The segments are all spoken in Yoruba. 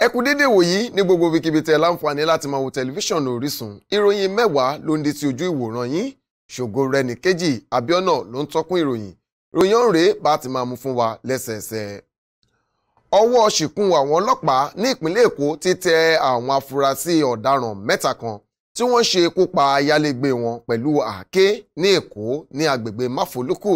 ẹ kú dédé wòyí ní gbogbo ibikíbi tẹ́ láǹfààní láti máa wo tẹlifíṣàn Orísun ìròyìn mẹ́wàá ló ń di ti ojú ìwòran yín ṣògo rẹnì kejì Abíọ́nà ló ń tọ́kún ìròyìn ìròyìn ọ̀rẹ́ bá ti máa mú fún wa lẹ́sẹẹsẹ. ọwọ́ ṣìkún àwọn ọlọ́pàá ní ìpínlẹ̀ Èkó ti tẹ àwọn afurasí ọ̀daràn mẹ́ta kan tí wọ́n ṣe ikú pa ayálégbé wọn pẹ̀lú àáké ní Èkó ní agbègbè Máfolúkù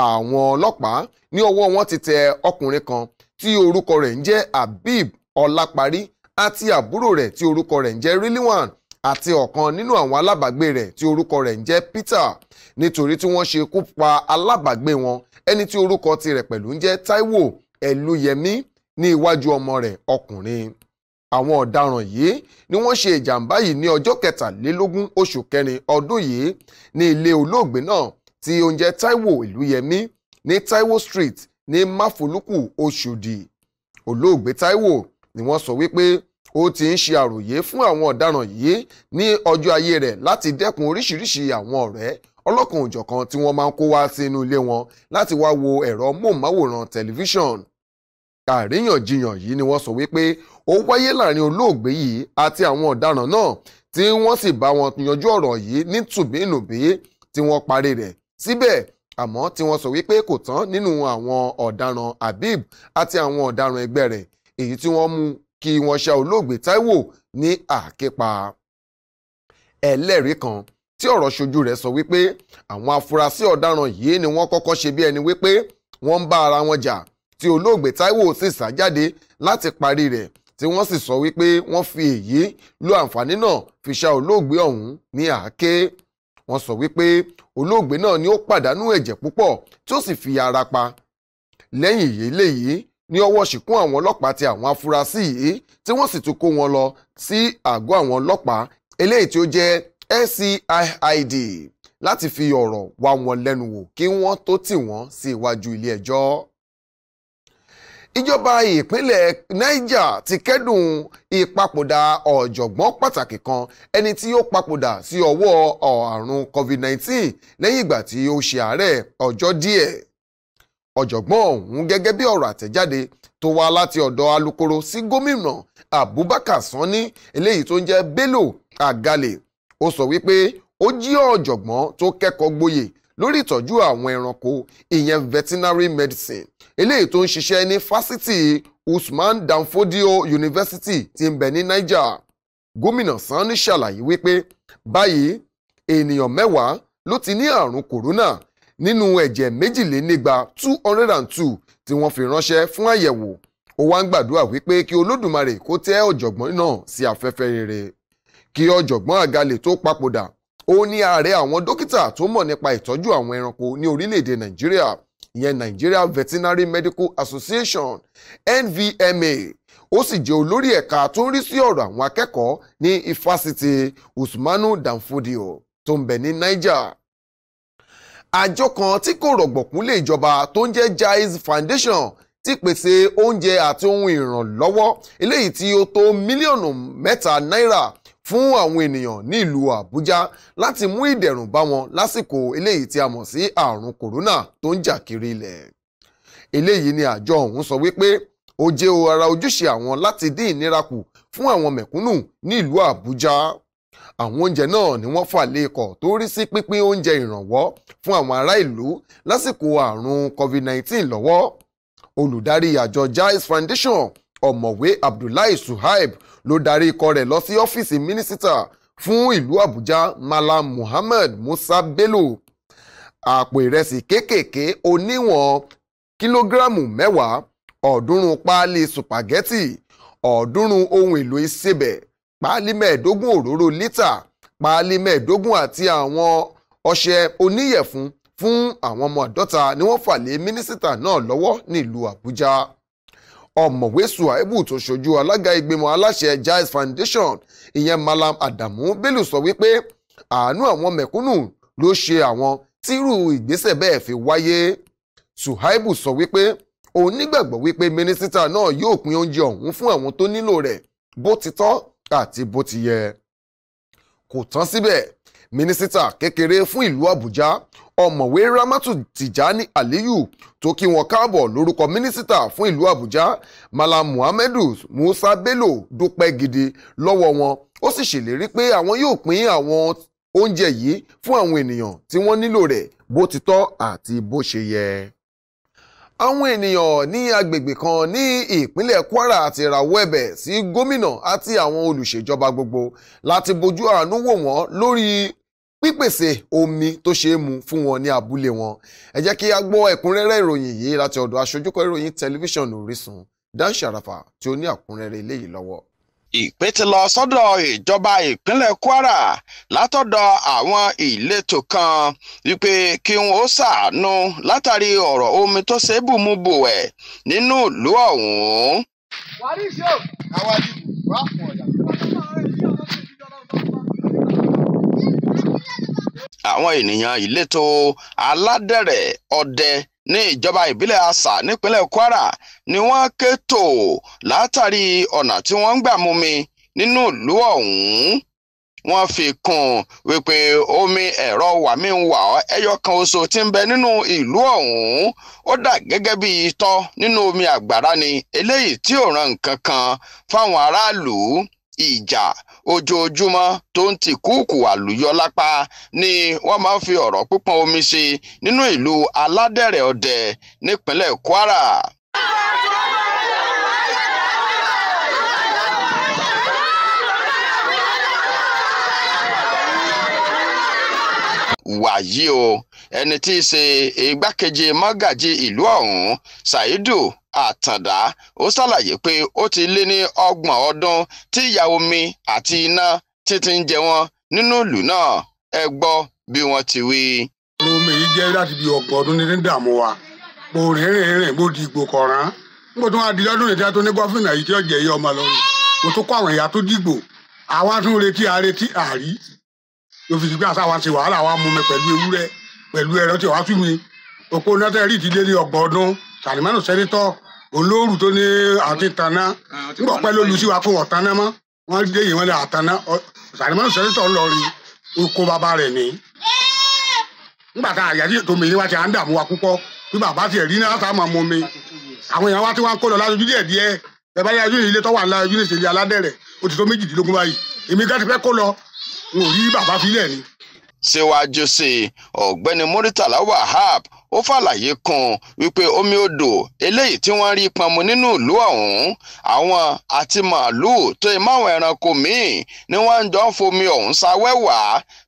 àwọn ọlọ́pàá ní ọwọ́ wọn ti tẹ ọkùnrin kan tí orúkọ rẹ̀ ń jẹ́ Habib Ọláparí àti àbúrò rẹ̀ tí orúkọ rẹ̀ ń jẹ́ Rilwan àti ọ̀kan nínú àwọn alábàágbé rẹ̀ tí orúkọ rẹ̀ ń jẹ́ Peter nítorí tí wọ́n ṣe kú pa alábàágbé wọn ẹni tí orúkọ tirẹ̀ pẹ̀lú ń jẹ́ Táíwò Ẹlúyẹmí ní iwájú ọmọ rẹ̀ ọkùnrin àwọn ọ̀daràn yìí ni wọ́n ṣe ìjàmbá yìí ní ọjọ́ kẹtàlélógún oṣù kẹrin ọdún yìí ní ilé olóògbé náà tí ó ń jẹ́ Táíwò ní Táíwò Street ní máfolúkù oṣòdì olóògbé Táíwò ni wọ́n sọ wípé ó ti ń ṣe àròyé fún àwọn ọ̀daràn yìí ní ọjọ́ ayé rẹ̀ láti dẹ́kun oríṣiríṣi àwọn ọ̀rẹ́ ọlọ́kan òjọ̀kan tí wọ́n máa ń kó wá sínú ilé wọn láti wá wo ẹ̀rọ móhùnmáwòrán tẹlifíṣàn àríyànjiyàn yìí ni wọ́n sọ wípé ó wáyé láàrin olóògbé yìí àti àwọn ọ̀daràn náà tí wọ́n sì bá wọn yanjú ọ̀rọ̀ yìí ní tùbínùbí tí wọ́n parí rẹ̀ síbẹ̀ àmọ́ tí wọ́n sọ wípé kò tán nínú àwọn ọ̀daràn Habib àti àwọn ọ̀daràn ẹgbẹ́ rẹ̀ èyí tí wọ́n mú kí wọ́n ṣá olóògbé Táíwò ní àképa ẹlẹ́rìí kan tí ọ̀rọ̀ ṣojú rẹ̀ sọ wípé àwọn afurasí ọ̀daràn yìí ni wọ́n kọ́kọ́ ṣe bí ẹni wípé wọ́n ń bá ara wọn jà tí olóògbé Táíwò sì sá jáde láti parí rẹ̀ tí wọ́n sì sọ wípé wọ́n fi èyí lo àǹfààní náà fi ṣá olóògbé ọ̀hún ní àáké wọ́n sọ wípé olóògbé náà ni ó pàdánù ẹ̀jẹ̀ púpọ̀ tí ó sì fi ara pa lẹ́yìn èyí léyìí ní ọwọ́ ṣìkún àwọn ọlọ́pàá ti àwọn afurasí yìí tí wọ́n sì tún kó wọn lọ sí àgọ́ àwọn ọlọ́pàá eléyìí tí ó jẹ́ SCID láti fi ọ̀rọ̀ wá wọn lẹ́nu wò kí wọ́n tó tì wọ́n sí iwájú ilé ẹjọ́ ìjọba ìpínlẹ̀ Niger ti kẹ́dùn ìpapòdà ọ̀jọ̀gbọ́n pàtàkì kan ẹni tí ó papòdà sí ọwọ́ àrùn COVID-19 lẹ́yìn ìgbà tí ó ṣe àárẹ̀ ọjọ́ díẹ̀ ọ̀jọ̀gbọ́n ọ̀hún gẹ́gẹ́ bí ọ̀rọ̀ àtẹ̀jáde tó wá láti ọ̀dọ̀ alukoro sí gómìnà Abubakar Sanni eléyìí tó ń jẹ́ Bello Àgàlẹ̀ ó sọ wípé ó jí ọ̀jọ̀gbọ́n tó kẹ́kọ̀ọ́ gboyè lórí ìtọ́jú àwọn ẹranko ìyẹn veterinary medicine eléyìí tó ń ṣiṣẹ́ ní fásitì Usman Danfodio University ti ń bẹ ní Niger gómìnà Sanni ṣàlàyé wípé báyìí ènìyàn mẹ́wàá ló ti ní àrùn kòrónà nínú ẹ̀jẹ̀ méjìlénígba two hundred and two tí wọ́n fi ránṣẹ́ fún àyẹ̀wò ó wá ń gbàdúrà wípé kí olódùmarè kó tẹ́ ọ̀jọ̀gbọ́n náà sí afẹ́fẹ́ rere kí ọ̀jọ̀gbọ́n àgàlè tó papòdà ó ní ààrẹ àwọn dókítà tó mọ̀ nípa ìtọ́jú àwọn ẹranko ní orílẹ̀-èdè nàìjíríà ìyẹn Nigeria Veterinary Medical Association NVMA ó sì jẹ́ olórí ẹ̀ka tó ń rí sí ọ̀rọ̀ àwọn akẹ́kọ̀ọ́ ní ifásitì Usmanu Danfodio tó ń bẹ ní Niger àjọ kan tí kò rọ̀gbọ̀kú lé ìjọba tó ń jẹ́ Jaiz Foundation ti pèsè oúnjẹ àti ohun ìrànlọ́wọ́ eléyìí tí ó tó mílíọ̀nù mẹ́ta náírà fún àwọn ènìyàn ní ìlú Àbújá láti mú ìdẹ̀rùn bá wọn lásìkò eléyìí tí a mọ̀ sí àrùn kòrónà tó ń jà kiri ilẹ̀ eléyìí ni àjọ ọ̀hún sọ wípé ó jẹ́ o ara ojúṣe àwọn láti dín ìnira kù fún àwọn mẹ̀kúnnù ní ìlú Àbújá àwọn oúnjẹ náà ni wọ́n fà lé ikọ̀ tó rí sí pínpín oúnjẹ ìrànwọ́ fún àwọn ará ìlú lásìkò àrùn COVID-19 lọ́wọ́ olùdarí àjọ Jaiz Foundation ọ̀mọ̀wé abdullahi suhaib ló darí ikọ̀ rẹ̀ lọ sí ọ́fíìsì mínísítà fún ìlú àbújá malam muhammed musa bello àpò ìrẹsì kéékèèké oníwọ̀n kìlógíráàmù mẹ́wàá ọ̀ọ́dúnrún páálí sùpàgẹ́tì ọ̀ọ́dúnrún ohun èlò ìsebẹ̀ páálí mẹ́ẹ̀ẹ́dógún òróró lítà páálí mẹ́ẹ̀ẹ́dógún àti àwọn ọṣẹ oníyẹ̀fun fún àwọn ọmọ àdọ́ta ni wọ́n fà lé mínísítà náà lọ́wọ́ nílùú àbújá ọ̀mọ̀wé suhaibu tó ṣojú alága ìgbìmọ̀ aláṣẹ Jazz Foundation ìyẹn Malam Adamu Bello sọ wípé àánú àwọn mẹ̀kúnnù ló ṣe àwọn tírú ìgbésẹ̀ bẹ́ẹ̀ fi wáyé suhaibu sọ wípé òun nígbàgbọ́ wípé mínísítà náà yóò pín oúnjẹ ọ̀hún fún àwọn tó nílò rẹ̀ bó ti tọ́ àti bó ti yẹ kò tán síbẹ̀ mínísítà kékeré fún ìlú Àbújá ọ̀mọ̀wé ramatu tijani aliyu tó kí wọn káàbọ̀ lórúkọ mínísítà fún ìlú àbújá malam muhammadu musa bello dúpẹ́ gidi lọ́wọ́ wọn ó sì ṣèlérí pé àwọn yóò pín àwọn oúnjẹ yìí fún àwọn ènìyàn tí wọ́n nílò rẹ̀ bó ti tọ́ àti bó ṣe yẹ àwọn ènìyàn ní agbègbè kan ní ìpínlẹ̀ Kwara ti rawọ́ ẹ̀bẹ̀ sí gómìnà àti àwọn olùṣèjọba gbogbo láti bójú àánú wò wọ́n lórí pípèsè omi tó ṣe é mu fún wọn ní abúlé wọn ẹ jẹ́ kí a gbọ́ ẹ̀kúnrẹ́rẹ́ ìròyìn yìí láti ọ̀dọ̀ aṣojúkọ ìròyìn tẹlifíṣàn Orísun Dan Sharafa tí ó ní àkúnrẹ́rẹ́ eléyìí lọ́wọ́ ìpè ti lọ sọ́dọ̀ ìjọba ìpínlẹ̀ Kwara látọ̀dọ̀ àwọn ìletò kan wípé kí n ó ṣàánú látàrí ọ̀rọ̀ omi tó ṣe é bùmúbù ẹ̀ nínú ìlú ọ̀hún. wàá rí ìṣó àwọn àdìgún wàá fún ọ̀dà. àwọn ènìyàn ìletò aládẹ̀rẹ̀ ọdẹ ní ìjọba ìbílẹ̀ àṣà nípínlẹ̀ Kwara ni wọ́n ké tò látàrí ọ̀nà tí wọ́n ń gbà mumi nínú ìlú ọ̀hún wọ́n fi kún wípé omi ẹ̀rọ wàmí ń wà ẹyọ kan oṣù tí ń bẹ nínú ìlú ọ̀hún ó dà gẹ́gẹ́ bí itọ́ nínú omi àgbàrá ni eléyìí tí ò ràn nǹkan kan fáwọn aráàlú ìjà ojoojúmọ́ tó ń ti kúùkù àlùyọ lápá ni wọ́n máa ń fi ọ̀rọ̀ pípọn omi ṣe nínú ìlú aládẹ̀rẹ̀ ọdẹ nípínlẹ̀ Kwara. wàyí o ẹni tí í ṣe igbákejì mọ́gàjì ìlú ọ̀hún ṣàìdù àtàndá ó ṣàlàyé pé ó ti lé ní ọgbọ̀n ọdún tí ìyà omi àti iná títí ń jẹ wọ́n nínú ìlú náà ẹ gbọ́ bí wọ́n ti wí. omi yìí jẹ́ láti di ọ̀pọ̀ ọdún ní dààmú wa mo rìn rìn rìn mo di ìgbò kọ̀ọ̀rán nígbà tó wá di lọ́dún ìdíyà tó ní gọ́fìnà yìí tí ó jẹ́ iye ọmọ lọ́rùn mo tún kọ́ àwọn ìyá tó dìgbò àwa tún retí àretí àrí lófin ìgbà sáwa ṣe wàhálà wa mú mi pẹ̀lú ewúrẹ́ pẹ̀lú ẹ̀rọ tí wàá fún mi òpó nátẹ́rì ti dé ní ọgbọ̀n ọdún sàlìmánù sẹ́nitọ́ olóòrù tó ní àti tanná ah, nígbà pẹ́lú olùsíwá fún ọ̀tanná mọ́ wọ́n dé yìí wọ́n lé àtanná sàlìmánù sẹ́nitọ́ ńlọrin oko bàbá rẹ̀ ní. nígbà tá àyà tó mi yé wá ti à ń dààmú wa púpọ̀ bí bàbá tiẹ̀ rí náà tá a máa mú mi àwọn èèyàn wa ti wá ń kó lọ lájú díẹ̀ díẹ̀ ẹ bá yájú ilé tó wà ńlá ojú ní ìṣèlú aládẹ́rẹ̀ ó ti tó méjìdínlógún báyìí èmi gá ti fẹ́ kó lọ n ò rí bàbá filẹ̀ ni síwájú sí i ọ̀gbẹ́ni muritala wahab ó fàlàyé kún wípé omi odò eléyìí tí wọ́n rí pọnmu nínú ìlú ọ̀hún àwọn àti màálùú tó yẹ máwọn ẹranko míì ni wọ́n ń jọ ń fomi ọ̀hún ṣawẹ́wà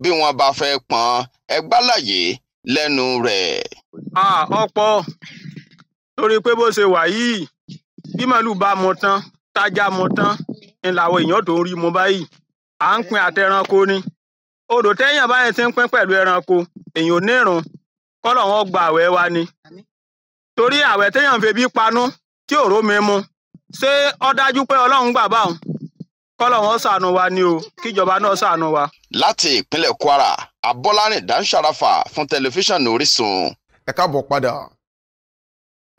bí wọ́n bá fẹ́ pọn ẹgbàláyé lẹ́nu rẹ̀. ọ̀pọ̀ torí pé bó ṣe wà yìí bí màálùú bá mọ tán tájá mọ tán ni làwọn èèyàn tó ń rí mọ báyìí à ń pin àtẹranko ni odò téèyàn báyẹn ti ń pín pẹ̀lú ẹranko èèyàn ò nírun kọ́lọ̀ wọn gba àwẹ̀ wa ni torí àwẹ̀ téèyàn fi febi panú tí òró mi mu ṣé ọ́ dájú pé ọlọ́run gbà bá báwọn kọ́lọ̀ wọn ṣàánú wa ni o kíjọba náà ṣàánú wa. láti ìpínlẹ̀ Kwara Abọ́lárìn Dáńsàràfà fún tẹlifíṣàn Orísun. ẹ káàbọ̀ padà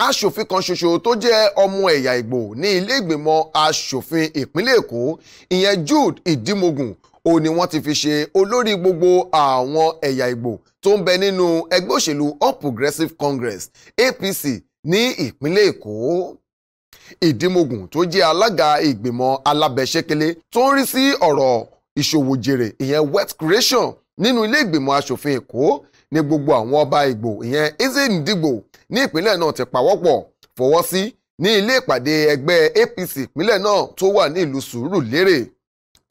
aṣòfin kan ṣoṣo tó jẹ́ ọmọ ẹ̀yà Ìgbò ní ilé ìgbìmọ̀ aṣòfin ìpínlẹ̀ Èkó ìyẹn Jude Ìdímogun òun ni wọ́n ti fi ṣe olórí gbogbo àwọn ẹ̀yà Ìgbò tó ń bẹ nínú ẹgbẹ́ òṣèlú All Progressives Congress APC ní ìpínlẹ̀ Èkó Ìdímògùn tó jẹ́ alága ìgbìmọ̀ alábẹ́sẹ́kẹ́lé tó ń rí sí ọ̀rọ̀ ìṣòwò jèrè ìyẹn wealth creation nínú ilé ìgbìmọ̀ asòfin Èkó ní gbogbo àwọn ọba Ìgbò ìyẹn Eze Ndigbo ní ìpínlẹ̀ náà ti pawọ́pọ̀ fọwọ́ sí ní ilé ìpàdé ẹgbẹ́ APC ìpínlẹ̀ náà tó wà ní ìlú Sùúrùlérè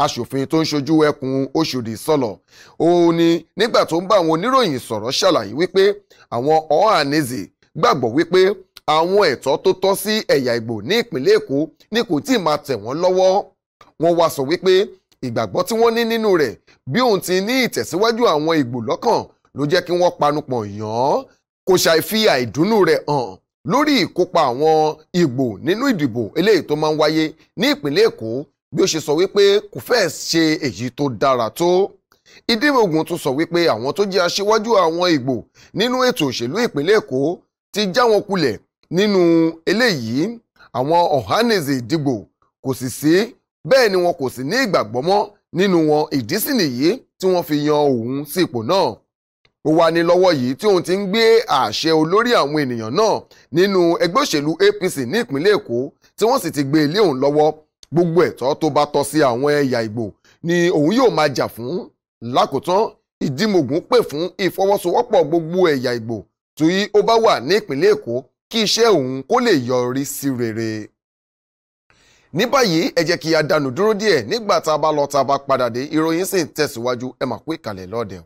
aṣòfin tó ń ṣojú ẹkùn Ọ̀ṣọ́dì sọ̀lọ̀ ó ní nígbà tó ń bá àwọn oníròyìn sọ̀rọ̀ ṣàlàyé wípé àwọn Ohanaeze gbàgbọ́ wípé àwọn ẹ̀tọ́ tó tọ́ sí ẹ̀yà Ìgbò ní ìpínlẹ̀ Èkó ní kò tí ì máa tẹ̀ wọ́n lọ́wọ́ wọ́n wá sọ wípé ìgbàgbọ́ tí wọ́n ní nínú rẹ̀ bí òun ti ní ìtẹ̀síwájú àwọn Ìgbò lọ́kàn ló jẹ́ kí wọ́n panupọ̀ yàn án kò ṣàì fi àìdùnnú rẹ̀ hàn lórí ìkópa àwọn Ìgbò nínú ìdìbò eléyìí tó máa ń wáyé ní ìpínlẹ̀ Èkó bí ó ṣe sọ wípé kò fẹ́ẹ̀ ṣe èyí tó dára tó ìdímògùn tún sọ wípé àwọn tó jẹ́ aṣíwájú àwọn ìgbò nínú ètò òṣèlú ìpínlẹ̀ èkó ti já wọn kulẹ̀ nínú eléyìí àwọn ọ̀hánèzè ìdìgbò kò sì sí bẹ́ẹ̀ ni wọn kò sì ní ìgbàgbọ́ mọ́ nínú wọn ìdí sì nìyí tí wọ́n fi yan òun sí ipò náà ó wà ní lọ́wọ́ yìí tí òun ti ń gbé àṣẹ olórí àwọn ènìyàn náà nínú ẹgbẹ́ òṣèlú APC ní ìpínlẹ̀ èkó tí wọ́n sì ti gbé ilé òun lọ́wọ́ gbogbo ẹ̀tọ́ tó bá tọ́ sí àwọn ẹ̀yà Ìgbò ni òun yóò máa jà fún lákòótán ìdímògùn pè fún ìfọwọ́sowọ́pọ̀ gbogbo ẹ̀yà Ìgbò tí ó bá wà ní ìpínlẹ̀ Èkó kí iṣẹ́ òun kó lè yọrí sí rere ní báyìí ẹ jẹ́ kí a dánu dúró díẹ̀ nígbà tá a bá lọ tá a bá padà dé ìròyìn sì ń tẹ̀síwájú ẹ mà kú ìkàlẹ̀ lọ́dẹ̀.